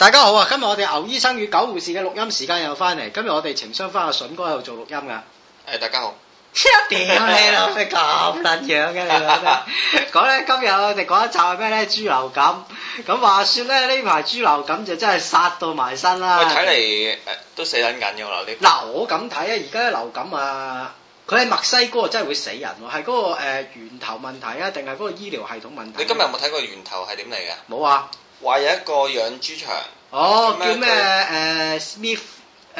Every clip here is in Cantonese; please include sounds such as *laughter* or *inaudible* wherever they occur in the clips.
大家好啊！今日我哋牛醫生與狗護士嘅錄音時間又翻嚟。今日我哋情商翻阿笋哥喺度做錄音噶。誒、欸，大家好。屌 *laughs* 你老味咁卵樣嘅你老講咧，今日我哋講一集係咩咧？豬流感。咁話說咧，呢排豬流感就真係殺到埋身啦。睇嚟誒，都死緊緊嘅啦啲。嗱，我咁睇啊，而家啲流感啊，佢喺墨西哥真係會死人喎、啊，係嗰、那個誒、呃、源頭問題啊，定係嗰個醫療系統問題、啊、你今日有冇睇過源頭係點嚟嘅？冇啊。話有一個養豬場，哦，樣叫咩？誒、就是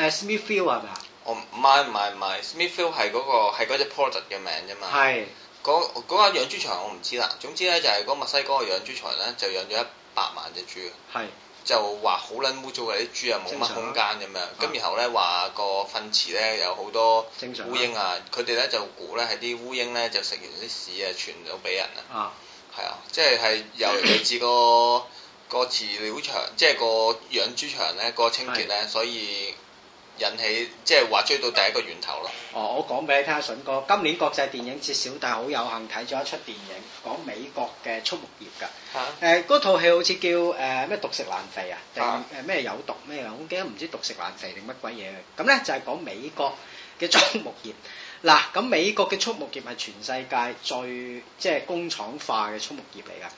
uh,，Smith，誒、uh,，Smithfield 係咪啊？哦、oh, 那個，唔係唔係唔係，Smithfield 係嗰個係嗰隻 product 嘅名啫嘛。係是。嗰嗰間養豬場我唔知啦，總之咧就係、是、嗰墨西哥嘅養豬場咧就養咗一百萬隻豬。係。就話好撚污糟嘅啲豬啊，冇乜空間咁樣，咁然後咧話個糞池咧有好多烏蠅啊，佢哋咧就估咧係啲烏蠅咧就食完啲屎啊，傳咗俾人啊。啊。係啊，即係係由嚟自個。個飼料場即係個養豬場咧，個清潔咧，的所以引起即係話追到第一個源頭咯。哦，我講俾你聽下，筍哥，今年國際電影節小弟好有幸睇咗一出電影，講美國嘅畜牧業㗎。嚇、啊！誒嗰套戲好似叫誒咩、呃、毒食爛肥啊，定誒咩有毒咩啊？我記得唔知毒食爛肥定乜鬼嘢。咁咧就係、是、講美國嘅畜牧業。嗱，咁美國嘅畜牧業係全世界最即係工廠化嘅畜牧業嚟㗎。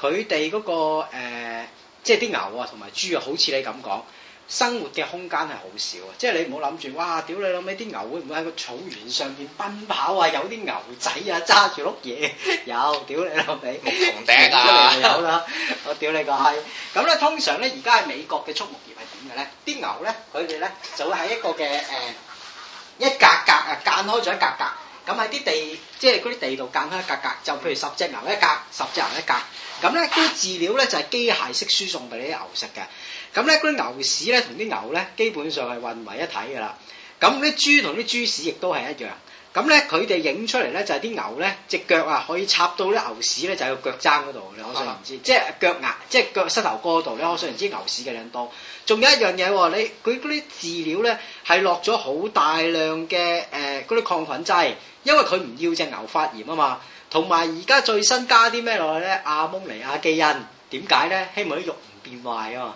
佢哋嗰個、呃、即係啲牛啊同埋豬啊，好似你咁講，生活嘅空間係好少啊！即係你唔好諗住，哇！屌你老味，啲牛會唔會喺個草原上邊奔跑啊？有啲牛仔啊，揸住碌嘢， *laughs* 有！屌你老味，牧童笛啊！有啦，我屌你個閪！咁咧，通常咧，而家喺美國嘅畜牧業係點嘅咧？啲牛咧，佢哋咧就會喺一個嘅誒一格格啊，間開咗一格格。咁喺啲地，即係嗰啲地度間開一格格，就譬如十隻牛一格，十隻牛一格。咁咧，啲飼料咧就係、是、機械式輸送俾啲牛食嘅。咁咧，嗰啲牛屎咧同啲牛咧基本上係混為一體㗎啦。咁啲豬同啲豬屎亦都係一樣。咁咧，佢哋影出嚟咧就係啲牛咧，隻腳啊可以插到啲牛屎咧，就係個腳踭嗰度。你可想而知，嗯、即係腳牙，即係腳膝頭哥嗰度咧。你可想而知，牛屎嘅量多。仲有一樣嘢喎，你佢嗰啲飼料咧係落咗好大量嘅誒嗰啲抗菌劑，因為佢唔要隻牛發炎啊嘛。同埋而家最新加啲咩落去咧？阿蒙尼亞基因。點解咧？希望啲肉唔變壞啊嘛。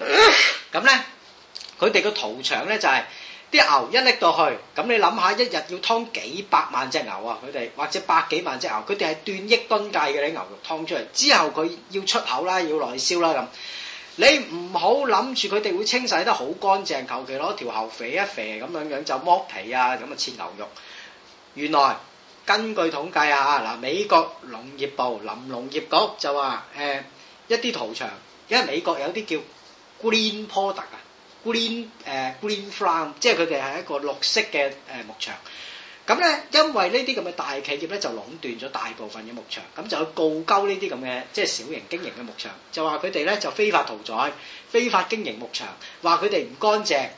咁、呃、咧，佢哋個屠場咧就係、是。啲牛一拎到去，咁你諗下，一日要劏幾百萬隻牛啊？佢哋或者百幾萬隻牛，佢哋係斷億噸計嘅啲牛肉劏出嚟，之後佢要出口啦，要內銷啦咁。你唔好諗住佢哋會清洗得好乾淨，求其攞條喉肥一肥咁樣樣就剝皮啊，咁啊切牛肉。原來根據統計啊，嗱美國農業部林農業局就話誒、欸，一啲屠場，因為美國有啲叫 Green Product 啊。Green 誒、uh, Green Farm，即係佢哋係一個綠色嘅誒、uh, 牧場。咁咧，因為呢啲咁嘅大企業咧就壟斷咗大部分嘅牧場，咁就去告鳩呢啲咁嘅即係小型經營嘅牧場，就話佢哋咧就非法屠宰、非法經營牧場，話佢哋唔乾淨。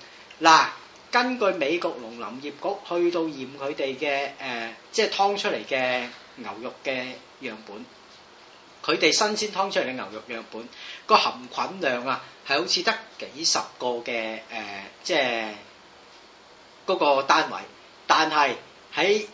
嗱，根據美國農林業局去到驗佢哋嘅誒，uh, 即係劏出嚟嘅牛肉嘅樣本。佢哋新鮮劏出嚟嘅牛肉樣本，個含菌量啊，係好似得幾十個嘅誒、呃，即係嗰、嗰個單位。但係喺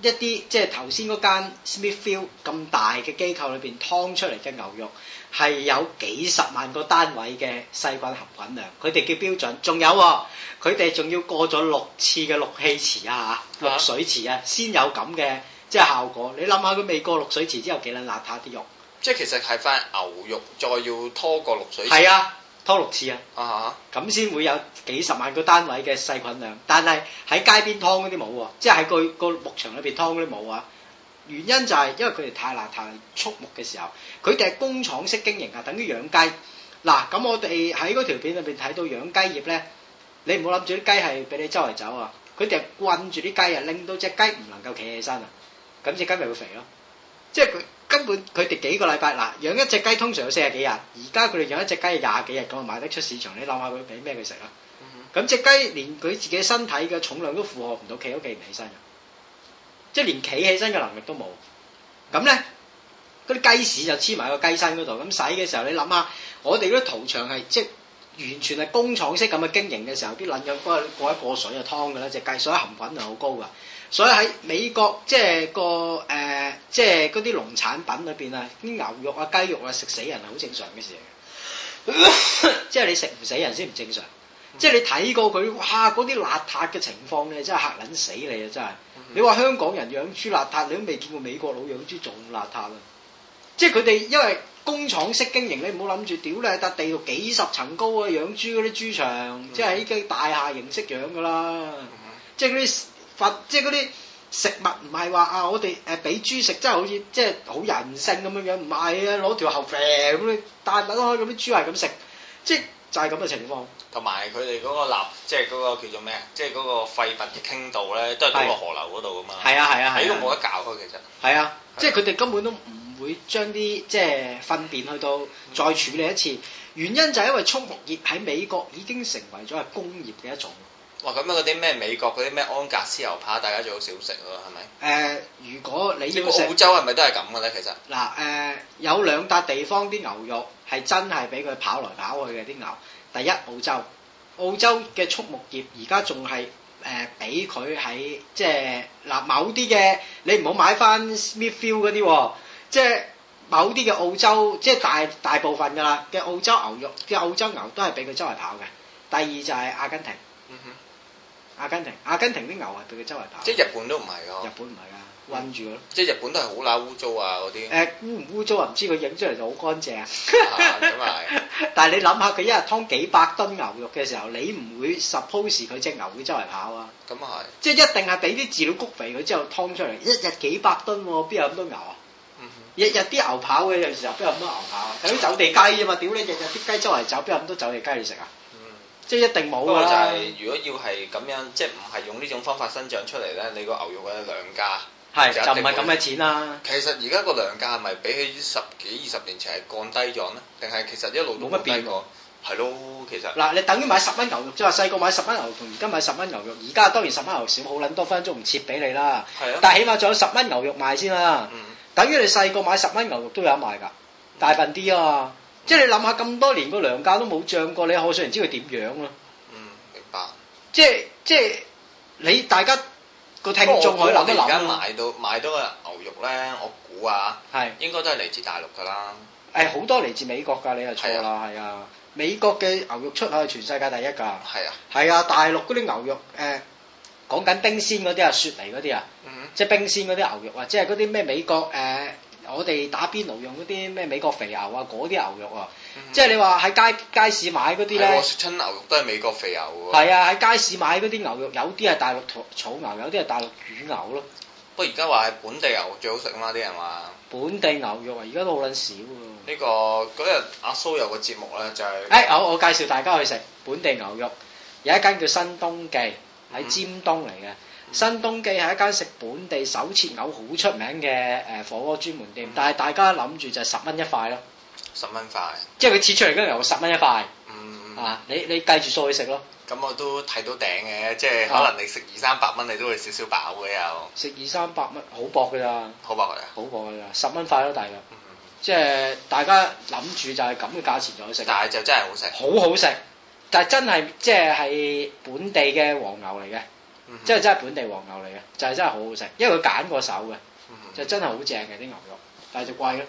一啲即係頭先嗰間 Smithfield 咁大嘅機構裏邊劏出嚟嘅牛肉，係有幾十萬個單位嘅細菌含菌量。佢哋嘅標準仲有，佢哋仲要過咗六次嘅氯氣池啊、氯水池啊，先有咁嘅即係效果。你諗下，佢未過氯水池之後幾撚邋遢啲肉？即係其實係翻牛肉，再要拖個六水，水，係啊，拖六次啊，咁先、啊、哈會有幾十萬個單位嘅細菌量。但係喺街邊劏嗰啲冇，即係喺個個牧場裏邊劏嗰啲冇啊。原因就係因為佢哋太邋遢，畜牧嘅時候，佢哋係工廠式經營啊，等於養雞。嗱，咁我哋喺嗰條片裏邊睇到養雞業咧，你唔好諗住啲雞係俾你周圍走啊，佢哋係困住啲雞啊，令到隻雞唔能夠企起身啊，咁隻雞咪會肥咯，即係佢。根本佢哋幾個禮拜嗱，養一隻雞通常有四十幾日，而家佢哋養一隻雞廿幾日咁啊，賣得出市場？你諗下佢俾咩佢食啊？咁隻雞連佢自己身體嘅重量都負荷唔到，企都企唔起身啊！即係連企起身嘅能力都冇。咁咧，嗰啲雞屎就黐埋個雞身嗰度。咁洗嘅時，時候，你諗下，我哋嗰啲屠場係即完全係工廠式咁嘅經營嘅時候，啲鈉又過一過水就劏嘅啦，隻雞所含菌就好高噶。所以喺美國即係個誒，即係嗰啲農產品裏邊啊，啲牛肉啊、雞肉啊，食死人係好正常嘅事嚟。 *laughs* 即係你食唔死人先唔正常。嗯、即係你睇過佢哇，嗰啲邋遢嘅情況咧，真係嚇撚死你啊！真係。嗯、你話香港人養豬邋遢，你都未見過美國佬養豬仲邋遢啊！即係佢哋因為工廠式經營你唔好諗住屌你，喺笪地度幾十層高啊，養豬嗰啲豬場，嗯、即係喺啲大廈形式養噶啦，嗯、即係啲。物即係嗰啲食物唔係話啊，我哋誒俾豬食真係好似即係好人性咁樣樣，唔係啊，攞條喉啡咁樣，但係攞開嗰啲豬係咁食，即係就係咁嘅情況。同埋佢哋嗰個立即係嗰個叫做咩啊，即係嗰個廢物傾倒咧，都係通過河流嗰度噶嘛。係啊係啊係啊，冇、啊啊啊、得搞佢其實。係啊，即係佢哋根本都唔會將啲即係糞便去到再處理一次，嗯、原因就係因為畜牧業喺美國已經成為咗係工業嘅一種。哇！咁樣，嗰啲咩美國嗰啲咩安格斯牛扒，大家最好少食咯，係咪？誒、呃，如果你要食澳洲係咪都係咁嘅咧？其實嗱誒、呃呃，有兩笪地方啲牛肉係真係俾佢跑來跑去嘅啲牛。第一澳洲，澳洲嘅畜牧業而家仲係誒俾佢喺即係嗱、呃、某啲嘅，你唔好買翻 Smithfield 嗰啲，即係某啲嘅澳洲，即係大大部分㗎啦嘅澳洲牛肉嘅澳洲牛都係俾佢周圍跑嘅。第二就係阿根廷。嗯哼。阿根廷，阿根廷啲牛係俾佢周圍跑。即係日本都唔係㗎。日本唔係㗎，嗯、困住㗎咯。即係日本都係好撚污糟啊！嗰啲。誒、呃，污唔污糟啊？唔知佢影出嚟就好乾淨、啊。咁 *laughs* 係、啊。但係你諗下，佢一日劏幾百噸牛肉嘅時候，你唔會 suppose 佢隻牛會周圍跑啊？咁係。即係一定係俾啲飼料谷肥佢之後劏出嚟，一日幾百噸喎、啊，邊有咁多牛啊？日日啲牛跑嘅，有時候邊有咁多牛跑啊？有啲走地雞啊嘛，屌你，日日啲雞周圍走，邊有咁多走地雞你食啊？即係一定冇啦、就是。就係如果要係咁樣，即係唔係用呢種方法生長出嚟咧，你個牛肉嘅量價係就唔係咁嘅錢啦。其實而家個量價係咪比起十幾二十年前係降低咗咧？定係其實一路冇乜變過。係咯，其實嗱，你等於買十蚊牛肉，即話細個買十蚊牛肉，同而家買十蚊牛肉，而家當然十蚊牛肉少好撚多分鐘唔切俾你啦。係是啊。但係起碼仲有十蚊牛肉賣先啦。嗯、等於你細個買十蚊牛肉都有得賣㗎，大份啲啊。即係你諗下咁多年個糧價都冇漲過，你可想而知佢點樣咯。嗯，明白。即係即係你大家個聽眾我，想我諗都而家買到想買到個牛肉咧，我估啊，係是應該都係嚟自大陸噶啦。誒是，好、哎、多嚟自美國噶，你又錯啦，係啊，啊，美國嘅牛肉出口係全世界第一噶。係啊。係啊，大陸嗰啲牛肉誒、呃，講緊冰鮮嗰啲啊，雪梨嗰啲啊，嗯嗯、即係冰鮮嗰啲牛肉啊，即係嗰啲咩美國誒。我哋打邊爐用嗰啲咩美國肥牛啊，嗰啲牛肉啊，mm hmm. 即係你話喺街街市買嗰啲咧，我食親牛肉都係美國肥牛喎。係啊，喺街市買嗰啲牛肉，有啲係大陸草草牛，有啲係大陸乳牛咯。不過而家話係本地牛最好食啊嘛，啲人話。本地牛肉啊，而家都好撚少喎。呢個嗰日阿蘇有個節目咧、就是，就係誒，我我介紹大家去食本地牛肉，有一間叫新東記，喺尖東嚟嘅。Mm hmm. 新東記係一間食本地手切牛好出名嘅誒、呃、火鍋專門店，嗯、但係大家諗住就係十蚊一塊咯。十蚊塊，即係佢切出嚟嗰個牛十蚊一塊。嗯啊，你你計住數去食咯。咁我都睇到頂嘅，即係可能你食二三百蚊，你都會少少飽嘅又。啊、食二三百蚊好薄㗎咋，好薄㗎啦。好薄㗎咋，十蚊塊咯，大約、嗯。即係大家諗住就係咁嘅價錢就去食。但係就真係好食。好好食，但係真係即係係本地嘅黃牛嚟嘅。即係、嗯、真係本地黃牛嚟嘅，就係真係好好食，因為佢揀過手嘅，嗯、哼就真係好正嘅啲牛肉，但係就貴咯。嗯、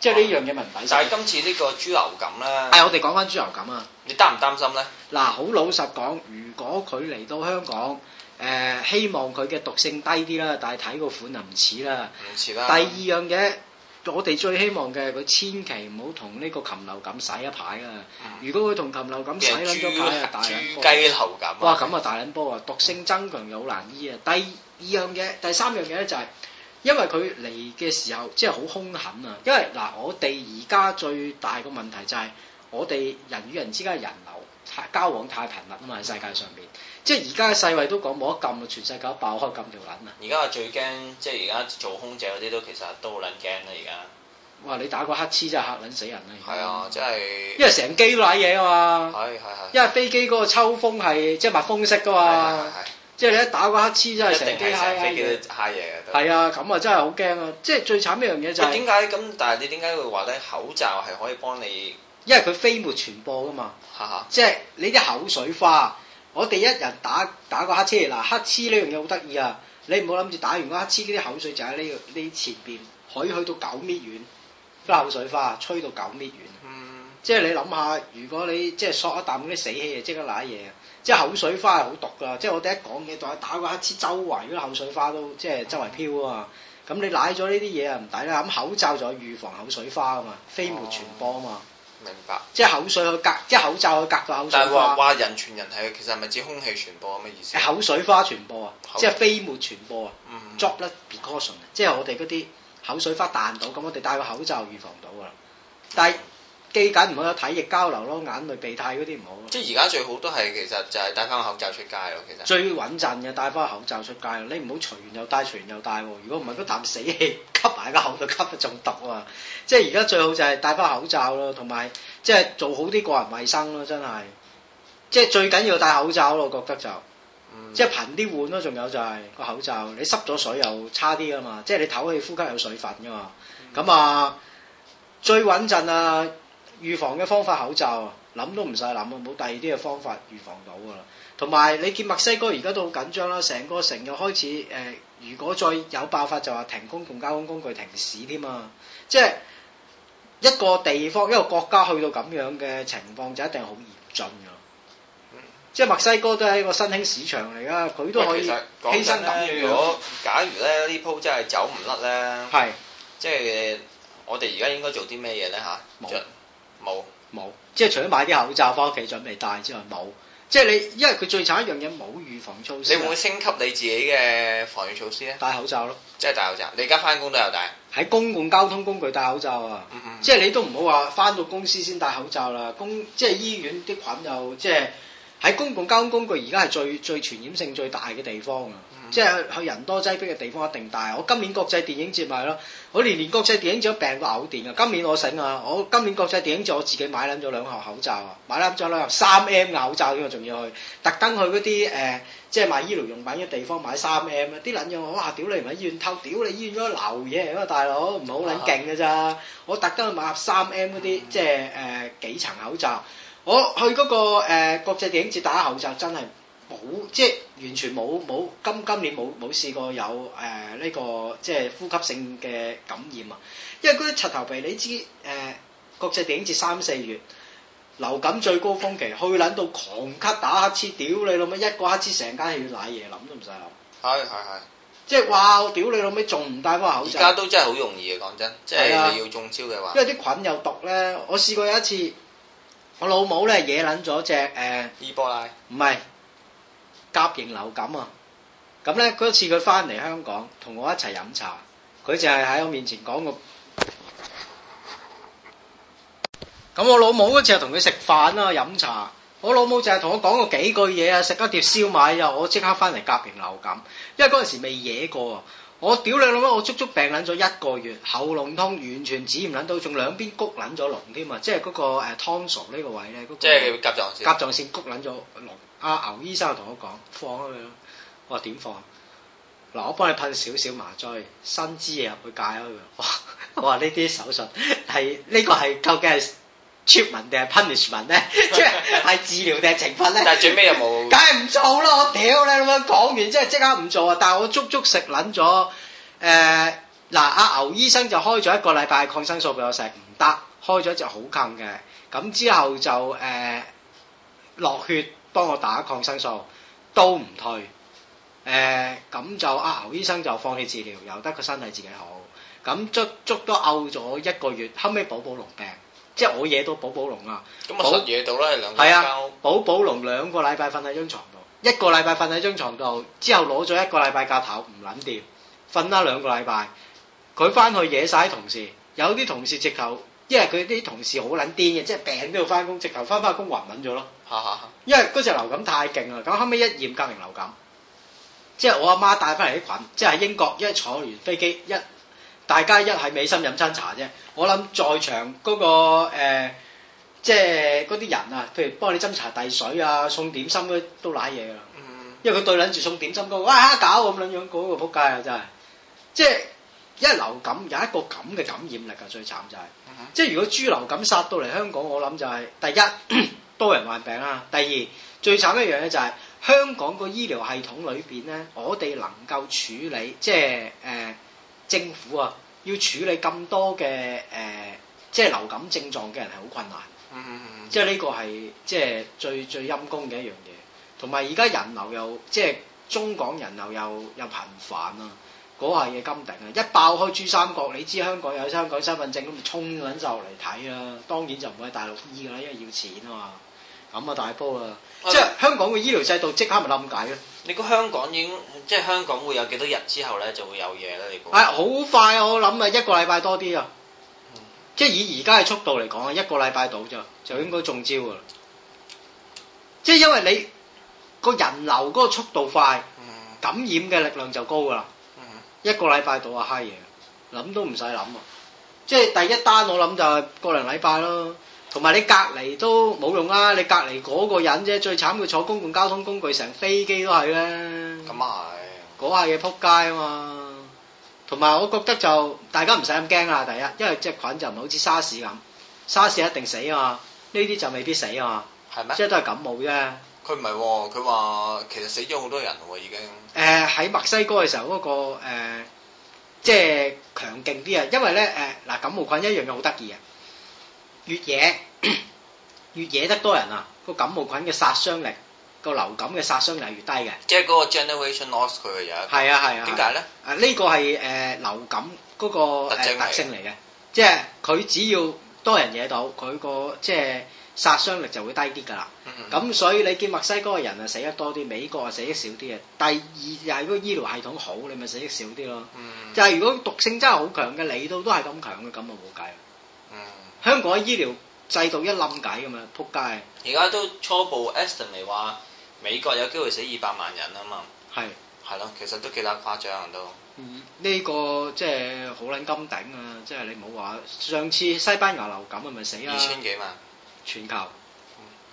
即係呢樣嘢咪唔抵食。但係今次呢個豬流感啦！係我哋講翻豬流感啊！你擔唔擔心咧？嗱，好老實講，如果佢嚟到香港，誒、呃、希望佢嘅毒性低啲啦，但係睇個款就唔似啦。唔似啦。第二樣嘢。我哋最希望嘅係，佢千祈唔好同呢個禽流感洗一排啊！如果佢同禽流感洗撚咗牌啊，大卵波！雞頭啊、哇，咁啊大捻波啊，毒性增強又好難醫啊！第二樣嘢，第三樣嘢咧就係、是、因為佢嚟嘅時候即係好凶狠啊！因為嗱，我哋而家最大個問題就係、是、我哋人與人之間嘅人。交往太頻密啊嘛，喺世界上邊，即係而家世衞都講冇得撳啊，全世界都爆開禁條捻啊！而家啊最驚，即係而家做空姐嗰啲都其實都好撚驚啦！而家哇，你打個乞嗤真係嚇撚死人啦！係啊，即係因為成機都瀨嘢啊嘛，係係係，因為飛機嗰個抽風係即係密封式噶嘛，即係你、啊、一打個乞嗤真係成機都瀨嘢是啊！係啊，咁啊真係好驚啊！即係最慘一樣嘢就係點解咁？但係你點解會話咧？口罩係可以幫你？因為佢飛沫傳播噶嘛、啊，即係你啲口水花，我哋一人打打個乞嗤，嗱乞嗤呢樣嘢好得意啊！你唔好諗住打完個乞嗤，呢啲口水就喺呢呢前邊，可以去到九米遠，口水花吹到九米遠。嗯，即係你諗下，如果你即係索一啖嗰啲死氣啊，即刻舐嘢啊！即係口水花係好毒噶，即係我哋一講嘢，當打個乞嗤，周圍嗰啲口水花都即係周圍飄啊。嘛。咁、嗯、你舐咗呢啲嘢啊，唔抵啦。咁口罩就有預防口水花啊嘛，飛沫傳播啊嘛。明白，即係口水去隔，即係口罩去隔個口水花。但係人傳人係，其實係咪指空氣傳播咁嘅意思？口水花傳播啊，口水。即係飛沫傳播啊，droplet，即係我哋嗰啲口水花彈到，咁我哋戴個口罩預防到㗎啦。但係。嗯記緊唔好有體液交流咯，眼淚鼻涕嗰啲唔好。即係而家最好都係其實就係戴翻口罩出街咯，其實最穩陣嘅戴翻口罩出街。你唔好隨緣又戴，隨緣又戴。如果唔係都啖死氣吸埋個口度，吸到中毒啊。即係而家最好就係戴翻口罩咯，同埋即係做好啲個人衛生咯，真係。即係最緊要戴口罩咯，我覺得就，嗯、即係頻啲換咯，仲有就係、是、個口罩，你濕咗水又差啲啊嘛。即係你透氣、呼吸有水分噶嘛。咁啊、嗯，最穩陣啊！預防嘅方法口罩啊，諗都唔使諗啊，冇第二啲嘅方法預防到噶啦。同埋你見墨西哥而家都好緊張啦，成個城又開始誒、呃，如果再有爆發就話停公共交通工具、停市添啊，即係一個地方一個國家去到咁樣嘅情況就一定好嚴峻噶咯。即係墨西哥都係一個新興市場嚟噶，佢都可以犧牲。其實聲如果、嗯、假如咧是呢鋪真係走唔甩咧，係即係我哋而家應該做啲咩嘢咧嚇？冇。冇冇，即係除咗買啲口罩翻屋企準備戴之外，冇。即係你，因為佢最慘一樣嘢冇預防措施。你會唔會升級你自己嘅防禦措施咧？戴口罩咯。即係戴口罩，你而家翻工都有戴。喺公共交通工具戴口罩啊！嗯嗯，即係你都唔好話翻到公司先戴口罩啦。公，即係醫院啲菌又即係。喺公共交通工具而家係最最傳染性最大嘅地方啊！嗯、即係去人多擠迫嘅地方一定大。我今年國際電影節咪係咯，我年年國際電影節都病過嘔電啊！今年我醒啊，我今年國際電影節我自己買撚咗兩盒口罩啊，買咗兩盒三 M 嘅口罩，我仲要去特登去嗰啲誒，即係賣醫療用品嘅地方買三 M。啲撚樣我哇，屌你唔喺醫院偷，屌你醫院嗰啲流嘢嚟嘅大佬，唔係好撚勁嘅咋！啊、我特登去買盒三 M 嗰啲，嗯、即係誒、呃、幾層口罩。我、哦、去嗰、那個誒、呃、國際電影節戴口罩，真係冇，即係完全冇冇今今年冇冇試過有誒呢、呃這個即係呼吸性嘅感染啊！因為嗰啲柒頭皮，你知誒、呃、國際電影節三四月流感最高峰期，去撚到狂咳打乞嗤，屌你老母一個乞嗤，成間戲要舐嘢諗都唔使諗。係係係。即係哇！屌你老母仲唔戴翻口罩？而家都真係好容易嘅，講真，即係你要中招嘅話。因為啲菌有毒咧，我試過有一次。我老母咧惹捻咗隻誒，伊波拉，唔係甲型流感啊！咁咧嗰次佢翻嚟香港，同我一齊飲茶，佢就係喺我面前講個。咁我老母嗰次啊同佢食飯啊，飲茶，我老母就係同我講過幾句嘢啊，食一碟燒賣啊，我即刻翻嚟甲型流感，因為嗰陣時未惹過。我屌你老母！我足足病撚咗一個月，喉嚨痛完全止唔撚到，仲兩邊谷撚咗隆添啊！即係嗰個誒湯勺呢個位咧，嗰個、即係甲狀腺，甲狀腺谷撚咗隆啊！牛醫生同我講放佢，我話點放？嗱，我幫你噴少少麻醉，伸支嘢入去戒開佢。哇！我話呢啲手術係呢、呢個係究竟係？Treatment 定係 punishment 咧？即係係治療定係懲罰咧？但係最尾又冇，梗係唔做啦！我屌你咁樣講完，即係即刻唔做啊！但係我足足食撚咗，誒，嗱，阿牛醫生就開咗一個禮拜抗生素俾我食，唔得，開咗就好冚嘅，咁之後就誒、呃、落血幫我打抗生素，都唔退，誒、呃，咁就阿牛醫生就放棄治療，由得個身體自己好，咁足足都漚咗一個月，後尾補補龍病。即係我惹到寶寶龍啊！咁啊失惹到啦，兩個係啊，寶寶龍兩個禮拜瞓喺張床度，一個禮拜瞓喺張床度，之後攞咗一個禮拜假頭，唔撚掂，瞓啦兩個禮拜。佢翻去惹晒啲同事，有啲同事直頭，因為佢啲同事好撚癲嘅，即係病都要翻工，直頭翻翻工暈癲咗咯。 *laughs* 因為嗰隻流感太勁啦，咁後尾一驗甲型流感，即係我阿媽帶翻嚟啲菌，即係英國，一坐完飛機一。大家一係美心飲餐茶啫，我諗在場嗰、嗰個、呃、即係嗰啲人啊，譬如幫你斟茶遞水啊，送點心、啊、都賴嘢噶啦，因為佢對撚住送點心嗰，哇搞咁撚樣嗰、嗰個仆街啊，真係，即係一流感有一個咁嘅感染力啊，最慘就係、是，uh huh. 即係如果豬流感殺到嚟香港，我諗就係第一多人患病啦、啊，第二最慘一樣咧就係香港個醫療系統裏邊咧，我哋能夠處理即係誒。呃政府啊，要處理咁多嘅誒、呃，即係流感症狀嘅人係好困難，即係呢個係即係最最陰功嘅一樣嘢。同埋而家人流又即係中港人流又又頻繁啊。嗰下嘢金頂啊！一爆開珠三角，你知香港有香港身份證咁，就衝緊就嚟睇啦。當然就唔會喺大陸醫㗎啦，因為要錢啊嘛。咁啊大波啊，嗯、即係香港嘅醫療制度即刻咪冧解啦！你估香港已經～即係香港會有幾多日之後咧就會有嘢咧？你講唉，好快，我諗啊一個禮拜多啲啊！即係以而家嘅速度嚟講啊，一個禮拜到咋，就應該中招噶啦！即係因為你個人流嗰個速度快，感染嘅力量就高噶啦！嗯、一個禮拜到啊，嗨嘢諗都唔使諗啊！即係第一單我諗就係個零禮拜咯。同埋你隔離都冇用啊！你隔離嗰個人啫，最慘佢坐公共交通工具，成飛機都係啦。咁啊係。嗰下嘢撲街啊嘛！同埋我覺得就大家唔使咁驚啊！第一，因為隻菌就唔係好似沙士咁，沙士一定死啊嘛，呢啲就未必死啊嘛，係咩？即係都係感冒啫。佢唔係喎，佢話其實死咗好多人喎，已經。誒喺墨西哥嘅時候嗰個誒，即係強勁啲啊！因為咧誒嗱，感冒菌一樣嘢好得意啊。越野越惹得多人啊，個感冒菌嘅殺傷力，個流感嘅殺傷力係越低嘅。即係嗰個 generation lost 佢嘅嘢。係啊係啊。點解咧？啊呢個係誒流感嗰個特性嚟嘅，即係佢只要多人惹到，佢個即係殺傷力就會低啲㗎啦。咁、嗯嗯、所以你見墨西哥嘅人啊死得多啲，美國啊死得少啲啊。第二就係如果醫療系統好，你咪死得少啲咯。嗯、就係如果毒性真係好強嘅，你都都係咁強嘅，咁啊冇計。嗯。香港醫療制度一冧解咁啊，仆街！而家都初步 estimate 嚟話美國有機會死二百萬人啊嘛，係係咯，其實都幾打誇張都。嗯，呢、呢個即係好撚金頂啊！即係你唔好話上次西班牙流感係咪死啊？二千幾萬全球，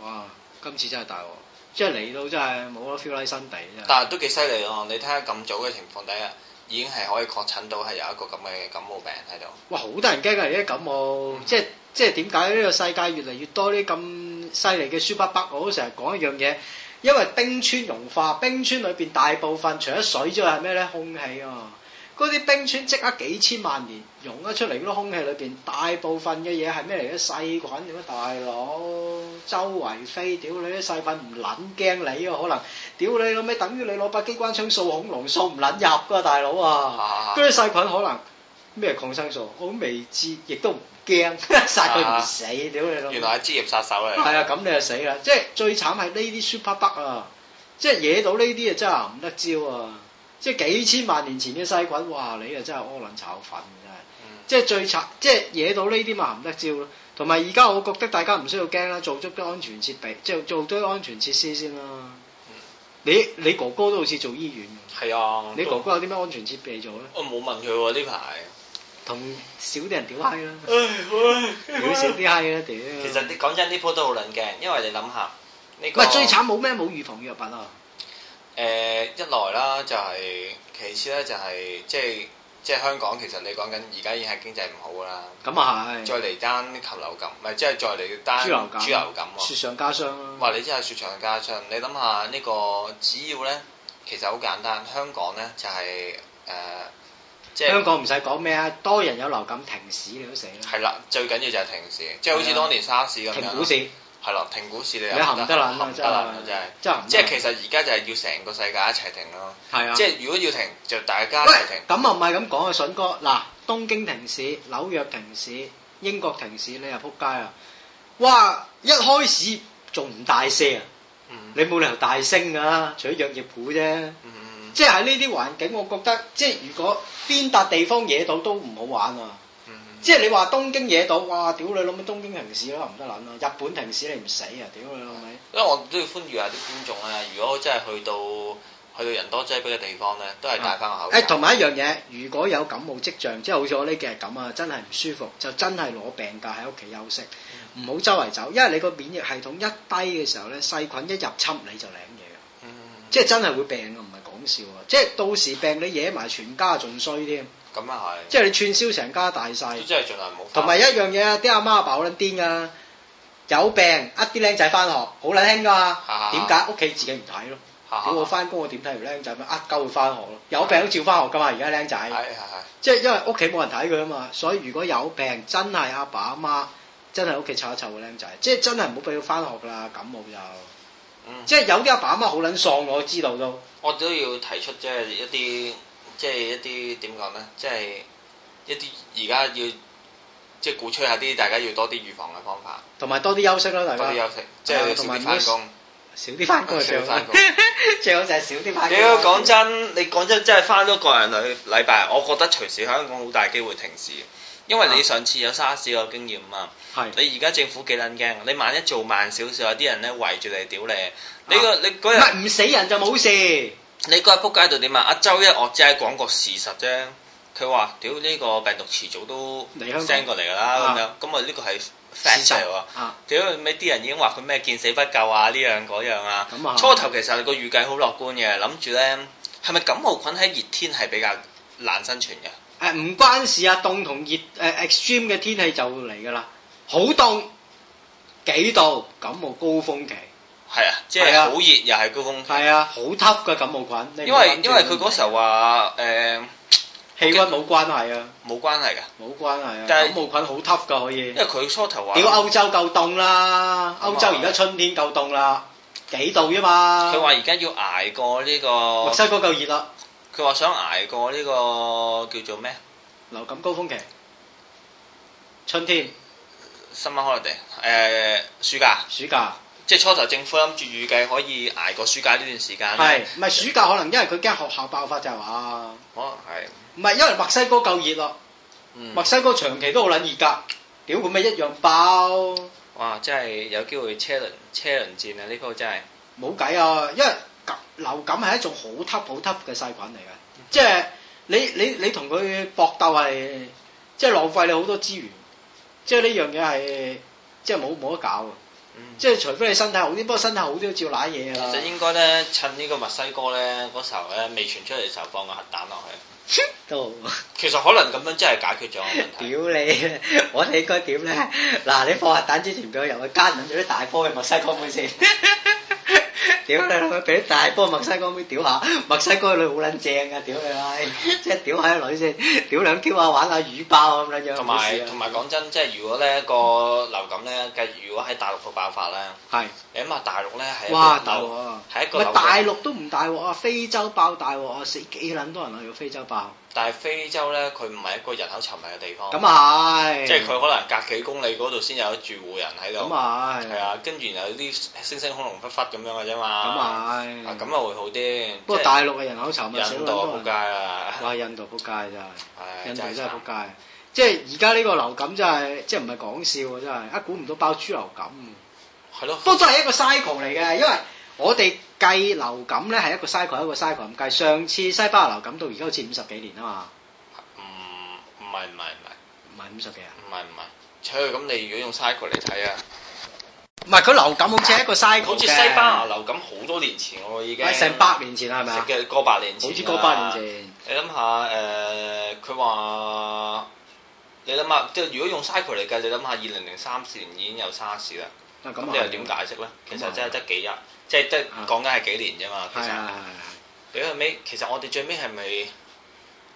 哇！今次真係大鑊，即係嚟到真係冇得 feel 拉新地真，但係都幾犀利咯！你睇下咁早嘅情況，底下。已經係可以確診到係有一個咁嘅感冒病喺度。哇，好多人驚噶而家感冒，嗯、即係即係點解呢個世界越嚟越多啲咁犀利嘅 superbug？我都成日講一樣嘢，因為冰川融化，冰川裏邊大部分除咗水之外係咩咧？空氣、啊。嗰啲冰川即刻幾千萬年融咗出嚟嗰啲空氣裏邊，大部分嘅嘢係咩嚟嘅？細菌點啊大佬，周圍飛，屌你啲細菌唔捻驚你啊可能。屌你老味，等於你攞把機關槍掃恐龍掃，掃唔撚入㗎大佬啊！嗰啲、啊、細菌可能咩抗生素，我都未知，亦都唔驚 *laughs* 殺佢唔死。啊、屌你老！原來係職業殺手嚟。係 *laughs* 啊，咁你就死啦！即係最慘係呢啲 Superbug 啊！即係惹到呢啲啊，真係唔得招啊！即係幾千萬年前嘅細菌，哇！你啊真係屙撚炒粉真、啊、係。嗯、即係最慘，即係惹到呢啲咪唔得招咯、啊。同埋而家，我覺得大家唔需要驚啦，做足啲安全設備，即係做足啲安，安全設施先啦。你哥哥都好似做醫院，係啊！你哥哥有啲咩安全設備做咧？我冇問佢喎呢排，同少啲人屌閪啦，少少啲閪啦屌！啊啊 *laughs* 啊啊、其實你講真啲，鋪都好撚驚，因為你諗下呢個，唔係最慘冇咩冇預防藥品啊！誒、呃，一來啦，就係、係、其次咧、就係，就係即係。即係香港，其實你講緊而家已經係經濟唔好啦。咁啊係再嚟單禽流感，咪即係再嚟單豬流感，豬流感喎、啊。雪上加霜咯。你真係雪上加霜，你諗下呢個，只要呢，其實好簡單，香港呢，就係、是、誒、呃，即係香港唔使講咩啊，多人有流感停市你都死啦。係啦，最緊要就係停市，即係好似當年沙士咁停股市。係咯，停股市你又行唔得啦，行唔得啦，行行真係，真真即係其實而家就係要成個世界一齊停咯，的即係如果要停就大家一齊停。咁啊唔係咁講啊，筍哥，嗱，東京停市，紐約停市，英國停市，你又撲街啊！哇，一開始仲唔大聲啊，嗯、你冇理由大聲啊，除咗藥業股啫，嗯、即係喺呢啲環境，我覺得即係如果邊笪地方惹到都唔好玩啊！即係你話東京惹到，哇！屌你，諗下東京停市都唔得撚啦，日本停市你唔死啊！屌你老味！因為我都要勸喻下啲觀眾啊，如果真係去到去到人多擠逼嘅地方咧，都係戴翻口罩、嗯。同埋一樣嘢，如果有感冒跡象，即係好似我呢幾日咁啊，真係唔舒服，就真係攞病假喺屋企休息，唔好、嗯、周圍走，因為你個免疫系統一低嘅時候咧，細菌一入侵你就舐嘢、嗯、即係真係會病㗎。即係到時病你惹埋全家仲衰添，咁又係，即係你串燒成家大細，即係儘量冇。同埋一樣嘢，啊。啲阿媽阿爸好撚癲啊，有病呃啲僆仔翻學，好撚興噶。點解？屋企自己唔睇咯。我翻工我點睇條僆仔？咪呃鳩佢翻學咯。有病都照翻學噶嘛？而家僆仔，是是是是即係因為屋企冇人睇佢啊嘛。所以如果有病，真係阿爸阿媽，媽真係屋企湊一湊個僆仔，即係真係唔好俾佢翻學噶啦。感冒就。嗯、即係有啲阿爸阿媽好捻喪，我知道都。我都要提出即係一啲，即係一啲點講咧，即係一啲而家要，即係鼓吹下啲大家要多啲預防嘅方法。同埋，嗯、多啲休息啦，啊，大家。多啲休息，即係、嗯。少啲翻工。少啲翻工啊！ *laughs* 少啲翻工， *laughs* 最好就係少啲翻屌，講真，你講真的真係翻咗個人嚟禮拜，我覺得隨時香港好大機會停事，因為你上次有沙士 r s 個經驗啊嘛。係是。你而家政府幾撚驚？你萬一做慢少少，有啲人咧圍住你屌你。你個、啊、你嗰日唔死人就冇事。你嗰日撲街度點啊？啊，週一我只係講個事實啫。佢話：屌呢個病毒遲早都 send 過嚟㗎啦，咁樣咁啊，呢個係 fact 嚟喎。屌尾啲人已經話佢咩見死不救啊？呢樣嗰樣啊。樣啊，初頭其實個預計好樂觀嘅，諗住咧係咪感冒菌喺熱天係比較難生存嘅？誒唔、啊、關事啊，凍同熱誒、啊、extreme 嘅天氣就會嚟㗎啦。好凍幾度，感冒高峰期。係啊，即係好熱又係、啊、高峰期。係啊，好濕嘅感冒菌。因為因為佢嗰時候話誒。呃氣溫冇關係啊，冇關係噶，冇關係啊。但係，感冒菌好 tough 噶，可以。因為佢初頭話，如果歐洲夠凍啦，歐洲而家春天夠凍啦，嗯、幾度啊嘛？佢話而家要捱過呢、這個。墨西哥夠熱啦。佢話想捱過呢、這個叫做咩？流感高峰期，春天。summer holiday，誒，暑假。暑假。即係初頭政府諗住預計可以捱過暑假呢段時間。係，唔係暑假，可能因為佢驚學校爆發就係嘛、啊？可能係。唔係因為墨西哥夠熱咯，墨、嗯、西哥長期都好撚熱噶，屌咁咪一樣爆。哇！真係有機會車輪車輪戰啊！呢鋪真係。冇計啊，因為流感係一種好 tough 好 tough 嘅細菌嚟嘅，即係、嗯、你你你同佢搏鬥係，即、就、係、是、浪費你好多資源，即係呢樣嘢係，即係冇冇得搞。嗯、即係除非你身體好啲，不過身體好都要照瀨嘢啊！其實應該咧，趁呢個墨西哥咧嗰時候咧，未傳出嚟時候放個核彈落去。 *laughs* 其實可能咁樣真係解決咗問題。屌你！ *laughs* 我哋應該點咧？嗱，你放核彈之前俾我入去加滿咗啲大波嘅墨西哥妹先。 *laughs* 屌你啦，俾一 *laughs* 大波墨西哥妹屌下，墨西哥女好撚正啊，屌你係，即係屌下女先，屌兩嬌啊，玩下雨爆咁樣。同埋同埋講真，即係如果呢個流感呢，計如果喺大陸度爆發呢，係是，咁啊大陸呢係大陸啊，係一個痘感。大陸都唔大鑊啊，非洲爆大鑊啊，死幾撚多人去到非洲爆。但係非洲咧，佢唔係一個人口稠密嘅地方。咁係、嗯。即係佢可能隔幾公里嗰度先有住戶人喺度。咁係、嗯。係啊，跟住有啲星星空彼彼、恐龍、嗯、忽忽咁樣嘅啫嘛。咁係。咁啊會好啲。不過大陸嘅人口稠密，印度撲街啊！話印度撲街真係。印度真係撲街。嗯、即係而家呢個流感真係，即係唔係講笑啊！真係一估唔到爆豬流感。係咯。都真係一個 cycle 嚟嘅，因為。我哋計流感咧係一個 cycle 一個 cycle 咁計，上次西班牙流感到而家好似五十幾年啊嘛。唔唔係唔係唔係唔係五十幾啊？唔係唔係。所以咁你如果用 cycle 嚟睇啊？唔係佢流感好似一個 cycle，好似西班牙流感好多年前我，、啊、已經。喂，成百年前啦係咪啊？百年前。過百年前啊、好似過百年前。你諗下誒，佢、呃、話你諗下，即係如果用 cycle 嚟計，你諗下二零零三四年已經有沙士啦。咁、啊嗯、你又點解釋咧？啊嗯、其實真係得幾日，即係得講緊係幾年啫嘛。啊、其實，屌最尾，其實我哋最尾係咪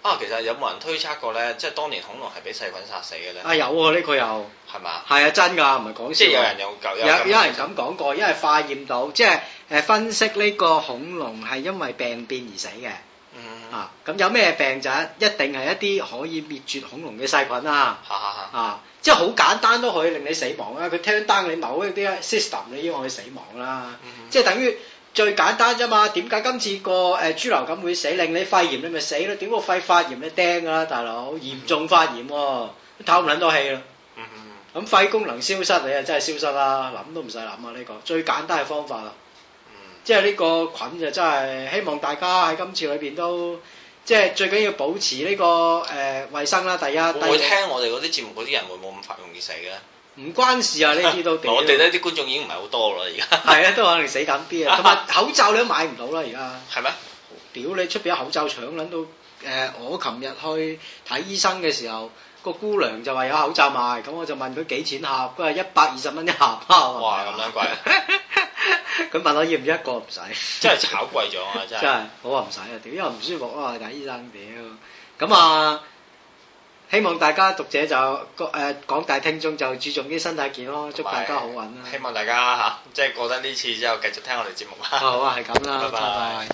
啊？其實有冇人推測過咧？即係當年恐龍係俾細菌殺死嘅咧？啊，有喎、啊，呢、呢個又係嘛？係啊，真㗎、啊，唔係講笑、啊。即係有人有舊有，有，有人咁講過，因為化驗到，即係誒分析呢個恐龍係因為病變而死嘅。啊，咁有咩病疾一定係一啲可以滅絕恐龍嘅細菌啦，啊，啊，即係好簡單都可以令你死亡啦。佢 turn down 你某啲 system，你已經會死亡啦。嗯、哼即係等於最簡單啫嘛。點解今次個誒、呃、豬流感會死？令你肺炎你咪死咯。點個肺發炎你釘㗎啦，大佬嚴重發炎、啊，唞唔撚多氣啦。咁、嗯、哼肺功能消失你啊真係消失啦，諗都唔使諗啊！呢、這個最簡單嘅方法啦。即係呢個菌就真係希望大家喺今次裏邊都即係最緊要保持呢、這個誒衞、呃、生啦！第一，我會聽我哋嗰啲節目嗰啲人會冇咁發容易死嘅。唔關事啊，呢啲都我哋呢啲觀眾已經唔係好多啦而家。係 *laughs* 啊，都可能死緊啲啊！同埋口罩你都買唔到啦而家。係咩？屌嗎你出邊有口罩搶撚到誒、呃呃！我琴日去睇醫生嘅時候，個姑娘就話有口罩賣，咁我就問佢幾錢盒，佢係一百二十蚊一盒。哇，咁樣貴！佢 *laughs* 問我要唔要一個，唔使。真係炒貴咗啊！ *laughs* 真係。真係，好啊，唔使，啊，屌，因為唔舒服啊嘛，睇醫生，屌。咁啊，希望大家讀者就個誒廣大聽眾就注重啲身體健康，祝大家好運啦！Bye. 希望大家吓、啊，即係過得呢次之後，繼續聽我哋節目 *laughs* 啦。好啊，係咁啦，拜拜。